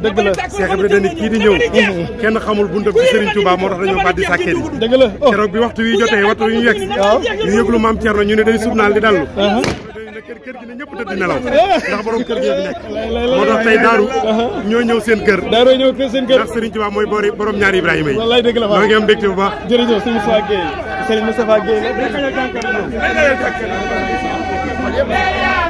dëgg la Cheikh Ibrahima dañu kii di ñëw kenn xamul buntam ci Serigne Touba moo tax dañoo fàddi sàkkeen yi dëgg la oh. keroog bi waxtu wi jotee waxtu wi ñu yegg ñu yëglu maam Thierno ñu ne day surnaal di dallu uh-huh. kër gi ne ñëpp tëdd nelaw ndax borom kër gi nekk moo tax tey daaru uh-huh. ñoo ñëw seen kër daaru ñëw seen kër ndax Serigne Touba mooy boori borom ñaari Ibrahima yi wallaay dëgg la maa ngi am mbégte bu baax jërëjëf Serigne Moustapha Gueye Serigne Moustapha Gueye la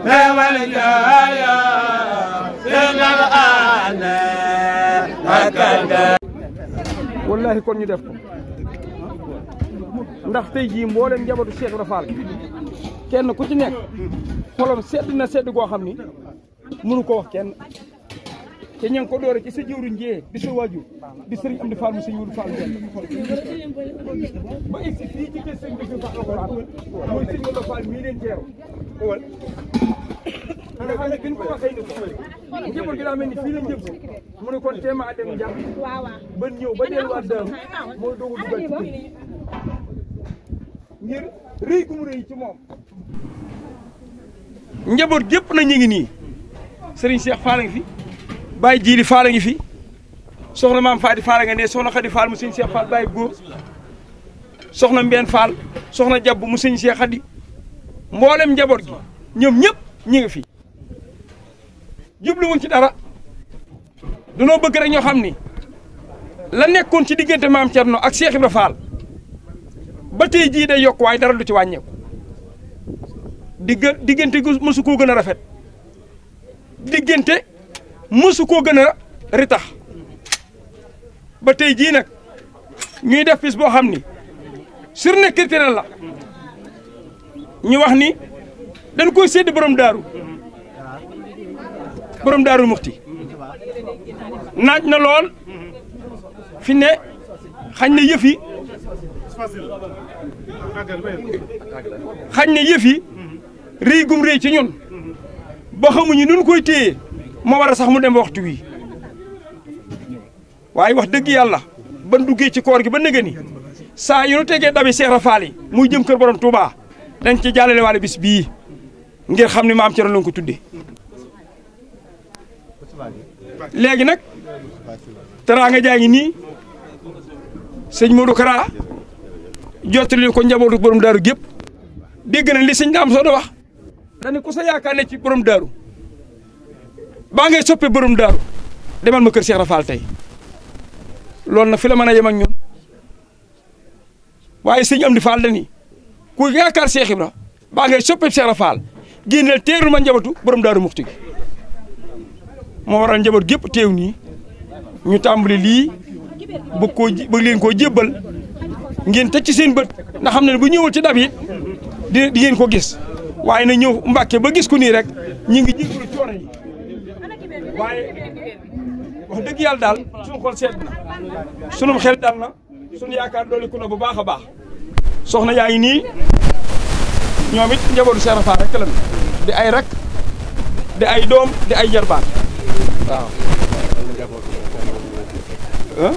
wallahi kon ñu def ko ndax tey jii mboole njabootu Cheikh Ibra kenn ku ci nekk xolom na sedd goo xam ni mënu ko wax kenn te ña ko doore ci sa jëwriñ jee di sa waajur di sëriñ Amdi Fall mu sëriñ Wulu Fall benn ba egsi fii ci kër sëriñ Basiru Fall alxuraan mooy sëriñ Wulu Fall mii leen teeru nga xam ne bi ñu ko waxee ni ko njaboot gi daa mel mu ne kon téema a dem jàpp ba ñëw ba delluwaat a ci ngir gépp na ñu ngi nii sëriñ Cheikh Fall ngi fi Baye Djili Fall ngi fi soxna maam Fadi Fall nga soxna Khady Fall mu Serigne Cheikh Fall Baye góor soxna Mbène Fall soxna Jabb mu Serigne Cheikh Khady mboolem njaboot gi ñoom ñëpp ñu ngi fi jubluwuñ ci dara. danoo bëgg rek ñoo xam ni la nekkoon ci diggante maam Thierno ak seexi Ibra Fall ba tey jii day yokk waaye dara du ci wàññeeku digg diggante mësu koo gën a rafet diggante mësu koo gën a ritax ba tey jii nag ñuy def bis boo xam ni journée culturelle la ñu wax ni dañ koy sédd borom daaru borom daaru muxti naaj na lool fi ne xañ na yëf yi na yëf yi rëy gum rëy ci ñun ba xamuñu nun koy téye moo war a sax mu dem waxtu wi waaye wax dëgg yàlla ban duggee ci koor gi ba nëgë saa yu nu tegee dabi seera faal yi muy jëm kër borom Touba dañ ci jàllale waale bis bii ngir xam ni maam Cerno lañ ko tudde léegi nag teraanga jaa ngi nii sëñ Modou Kara jottali ko njabootu borom daaru gépp dégg na li sëñ daam soo da wax dani ku sa yaakaar ne ci borom daaru baa ngay soppe borom daaru demal ma kër Cheikh Rafal tey loolu na fi la mën a yem ak ñun waaye sëñ Amdi Fall dani ku yaakaar Cheikh Ibra baa ngay soppe Cheikh Rafal génneel teerul ma njabootu borom daaru muxtu gi moo waral njaboot gépp teew nii ñu tàmbali lii bëgg koo bëgg leen koo jébbal ngeen tëj ci seen bët ndax xam ne bu ñëwul ci dab yi di di ko gis waaye na ñëw mbake ba gis ko nii rek ñu ngi jéggalu coono yi waaye dëgg yàlla daal seet na sunum xel dal na suñu yaakaar dolliku na bu baax a baax soxna yaa ngi nii ñoom it njabootu Serapha rek la di ay rek di ay doom di ay jarbaan ah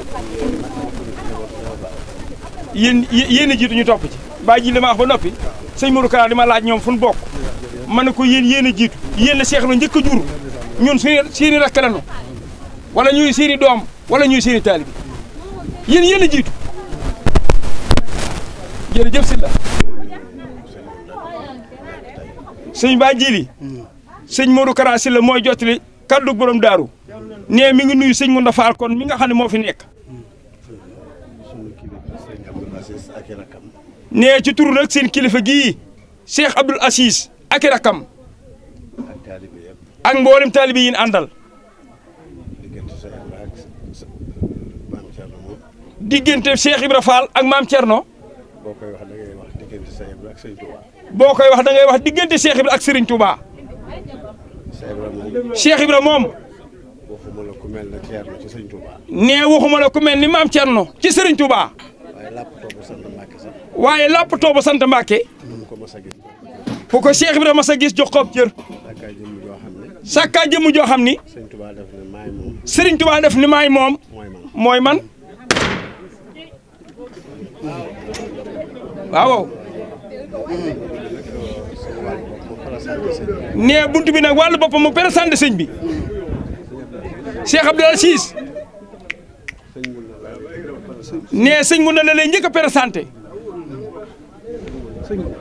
yéen yéen a jiitu ñu topp ci bàyyi ji li ba noppi sëñ Modou Kara di ma laaj ñoom fu bokk ma ne ko yéen yéen a jiitu yéen la seex la njëkk a jur ñun suñu seeni rakk ñuy seeni doom wala ñuy seeni taalibi yéen yéen a jiitu jërëjëf si la sëñ Ba Jili mm. sëñ Modou Kara si la mooy jottali kaddu borom daaru nee mi ngi nuyu sëñ Mounda Fall kon mi nga xam ne moo fi nekk. nee ci turu nag seen kilifa gi Cheikh Abdoul Aziz ak i taalibe yi àndal. diggante Cheikh Ibra Fall ak maam Thierno. boo koy wax da ngay boo koy wax da ngay wax diggante seex Ibra ak sëriñ Touba. Cheikh Ibra moom. mel ne waxuma la ku mel ni mam Thierno ci Serigne Touba. waaye lappatoo bu sant Mbacke sax. waaye lappatoo bu sant Mbacke. ko Cheikh Ibrahima sa gis jox ko ab cër. sakkaa jëmm joo xam ni. Serigne Touba def ni maay moom. Serigne mooy man. waaw. nee buntu bi nag wàllu boppam mu présenté sëñ bi. Cheikh Abdou Aziz nee sëñ Ngunda la lay njëkk a présenté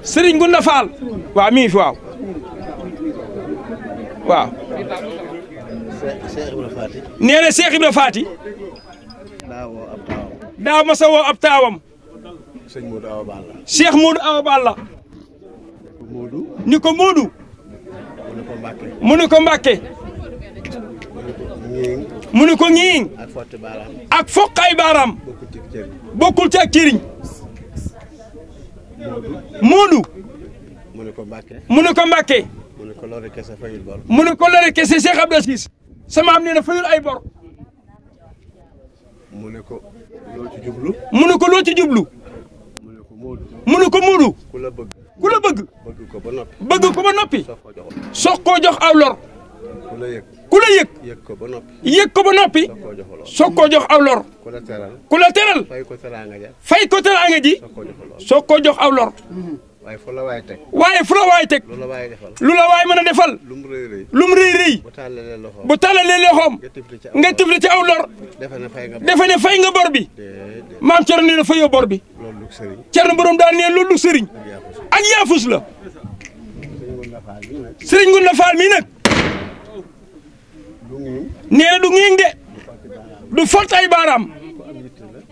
sëriñ Ngunda Fall waaw mi ngi waaw waaw nee na Cheikh Ibra Faty daaw ma sa woo ab taawam Cheikh Modou Awa Balla Cheikh ni ko Modou mu ne ko Mbàkke mu ne ko ñiiñ ak foq ay baaraam bokkul ci ak kiriñ moodu mu ne ko mbàkke mu ne ko mbàkke mu ne ko lore kese fayul bor mu ne ko lore kese Cheikh Abdou Aziz sama am nee na fayul ay bor mu ne ko loo ci jublu mu ne ko loo ci jublu mu ne ko moodu ku la bëgg ku la bëgg bëgg ko ba noppi bëgg ko ba noppi soog koo jox aw lor ku la yëg ku ko ba noppi. yëg ko ba noppi. soog koo jox aw lor. ku la teral ku la teral. fay ko teraanga ja. fay ko teraanga koo jox aw lor. waaye fu la waay teg. waaye fu la teg. lu la waay defal. lu waay mën a defal. lu mu rëy rëy. lu mu bu tàllalee loxoom. bu tàllalee loxoom. nga tifli ci aw lor. defe ne fay nga bor defe nga bor bi. maam Thierno nee na bor bi. loolu sëriñ. Thierno borom daal nee loolu sëriñ. ak yaafus la. sëriñ Gunda Faal mii nee na du ngiing de du fort ay baaraam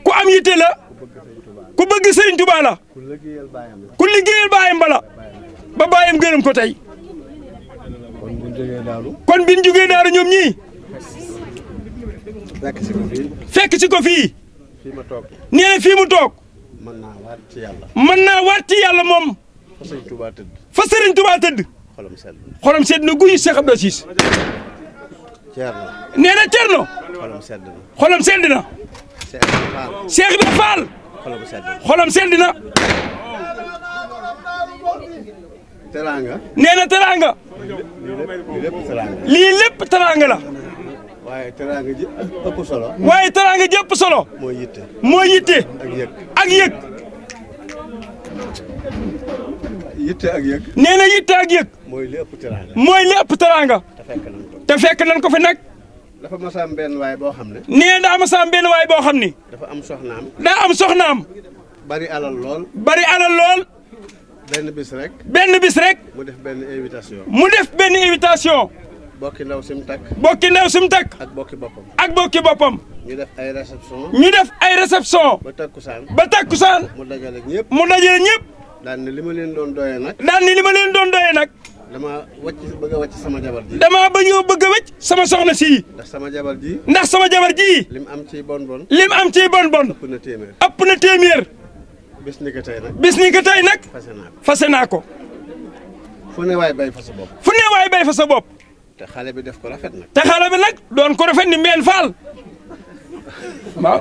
ku am yitte la ku bëgg sëriñ Tuubaa la ku liggéeyal baayam bala ba gërëm ko tey kon bi ñu jógee daaru ñoom ñii fekk si ko fii nee na fii mu toog mën naa waat ci yàlla moom fa sëriñ Tuubaa xolam sedd na. xolam sedd na guy Cheikh Abdou Cissé. na Thierno. xolam sedd na. xolam sedd na. sedd na. xolam sedd na. teraanga. nee na teraanga. la. waaye teraanga ji ëpp solo. moo yitte. moo yëg. yitte ak yitte ak yek moy lepp teranga teraanga mooy li te fekk nan ko fi nak dafa ma sam ben way bo xamne nee daa sam ben way bo xamni ni dafa am soxnam da am soxnam bari alal lol bari alal lol ben bis rek ben bis rek mu def ben invitation mu def ben invitation bokki ndaw sim tak bokki ndaw sim tak ak bokki bopam ak bokki bopam ñu def ay reception ñu def ay reception ba takusan ba takusan mu dajale ñep mu dajale ñep daan ni li ma leen doon doyee nag. daan ni li ma leen doon nag. dama wàcc bëgg a wàcc sama jabar ji. damaa bañoo bëgg a wàcc sama soxna sii. ndax sama jabar ji. ndax sama jabar ji. lim am ci bon bon. am ci bon bon. ëpp na téeméer. ëpp na téeméer. bis nag. bis ni ko nag. fase naa fase naa ko. fu ne waay bay fa sa bopp. fu ne waay bay fa sa bopp. te xale bi def ko rafet nag. te doon ko rafet ni meen faal. waaw.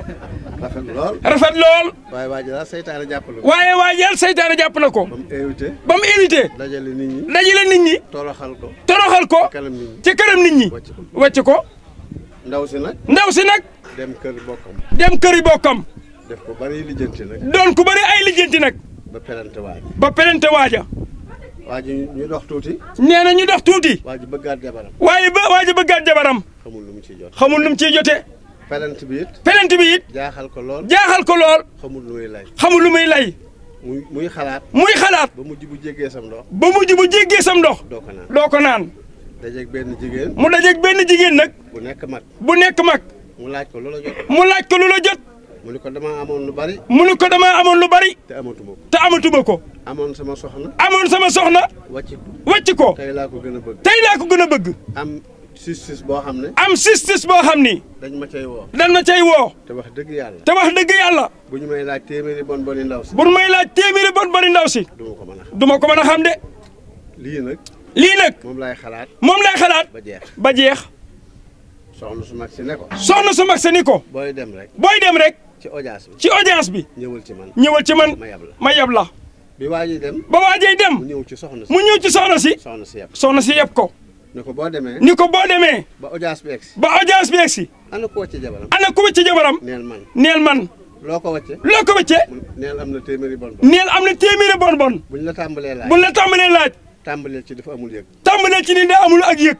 rafet lool rafet lool. waaye waa ji daal seytaane jàpp na ko. waaye waa ji daal jàpp na ko. ba mu invité. ba mu dajale nit ñi. dajale nit ñi. toroxal ko. toroxal ko ci kanam nit ñi. wàcc ko ndaw si nag. ndaw si nag. dem kër bokkam. dem kër bokkam. def ko bari lijjanti nag. doon ku bari ay lijjanti nag. ba pelante waaja. ba pelante waaja. waa ji ñu dox tuuti. nee na ñu dox tuuti. waa ji bëggaat jabaram. waaye ba waa ji bëggaat jabaram. xamul lu mu ciy jotee. xamul lu mu ciy jotee. pelent bi it. bi it. jaaxal ko lool jaaxal ko lool. xamul lu muy lay. xamul lu muy lay. muy muy xalaat. muy xalaat. ba mujj bu jéggee sam ndox. ba mujj bu jéggee sam ndox. doo ko naan doo ko naan. dajeeg benn jigéen. mu dajeeg benn jigéen nag. bu nekk mag. bu nekk mag. mu laaj ko lu la jot. mu laaj ko mu ni ko dama amoon lu bari. mu ni ko damaa amoon lu bari. te amatuma ko te amatuma ko. amoon sama soxna. amoon sama soxna. wàcc ko wàcc ko. tey laa ko gën a bëgg. ko gën a bëgg. am. justice boo xam ne. am justice boo xam ni. dañ ma cay woo. dañ ma cay woo. te wax dëgg yàlla. te wax dëgg yàlla. bu ñu may laaj téeméeri bon boni ndaw si. bu may laaj téeméeri bon boni si. du ma ko ma ko mën a xam de. lii nag. lii nag. moom laay xalaat. moom laay xalaat. ba jeex ba jeex. soxna su si nekko ko. soxna su mag si ni booy dem rek. booy dem rek. ci audience bi ci audience bi. ñëwal ci man ñëwal ci man ma yab la. bi waajee dem. ba waajee dem. mu ñëw ci soxna si mu ci soxna si. soxna si yab ko. ni ko boo demee. ni ko boo demee. ba audience bi egsi. ba audience bi egsi. ana ku wàcce jabaram. ana ku wàcce jabaram. neel man neel man. loo ko wàcce. loo ko wàcce. neel am na téeméeri bon bon. neel am na téeméeri bon bon. buñ la tàmbalee laaj buñ la tàmbalee laaj. tàmbaleel ci dafa amul yëg. tàmbaleel ci ni da amul ak yëg.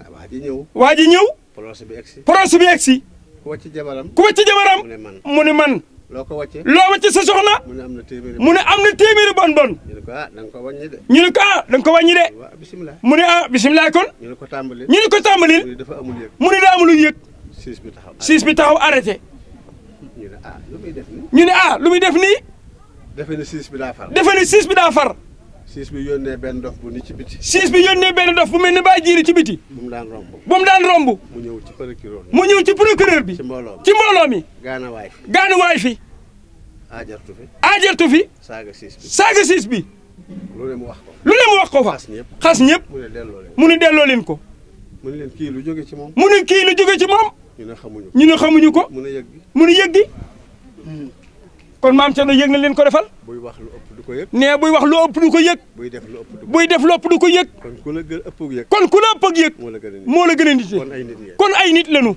Ah, waa ji ñëw. waa ji ñëw. procès bi egsi. procès bi egsi. ku wàcce jabaram. ku wàcce jabaram. mu ne man mu ne man. loo ko wàcce loo wàcce sa soxna. mu ne am na téeméeri bon mu ne am na téeméeri bon bon. ñu ne ko ah ñu ne ko ah nga ko wàññi de. waaw ah, bisimilah mu ne ah bisimilah kon. ñu ne ko tàmbalil ñu ne ko tàmbalil. mu ne dafa amul yëg mu ne daa amul yëg. siis bi taxaw siis bi taxaw arrêté. ñu ne ah lu muy def nii. ñu ne ah lu muy def nii. defe ne siis bi daa far. defe ne siis bi daa far. siis bi yónnee benn dof bu ni ci biti. siis bi yónnee benn dof bu mel ni bàyyi ci biti. bu mu daan romb. bu mu daan romb. mu ñëw ci procureur bi. mu ñëw ci procureur bi. waay fi. gaana waay fi. aajartu fi. aajartu saaga siis bi saaga siis bi. lu ne mu wax ko. lu ne mu fa. xas ñëpp xas ñëpp. mu ne delloo leen ko mu ni delloo leen ko. mu ne leen kii lu jóge ci moom. mu ne kii lu jóge ci ñu ne xamuñu ko ñu xamuñu ko. mu ne yëg gi mu ne yëg kon maam Thierno yëg na leen ko defal. buy wax lu ëpp du ko yëg. nee buy wax lu ëpp du ko yëg. buy def lu ëpp du ko yëg buy def lu ko kon ku la gën ëpp yëg. kon ak yëg. moo la gën a nit kon ay nit ngeen kon ay nit lañu.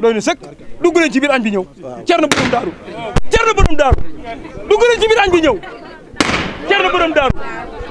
doy na sëkk dugg nañ ci biir añ bi ñëw. waaw Thierno Borom Daaru. Thierno Borom Daaru dugg nañ ci biir añ bi ñëw Thierno Borom Daaru.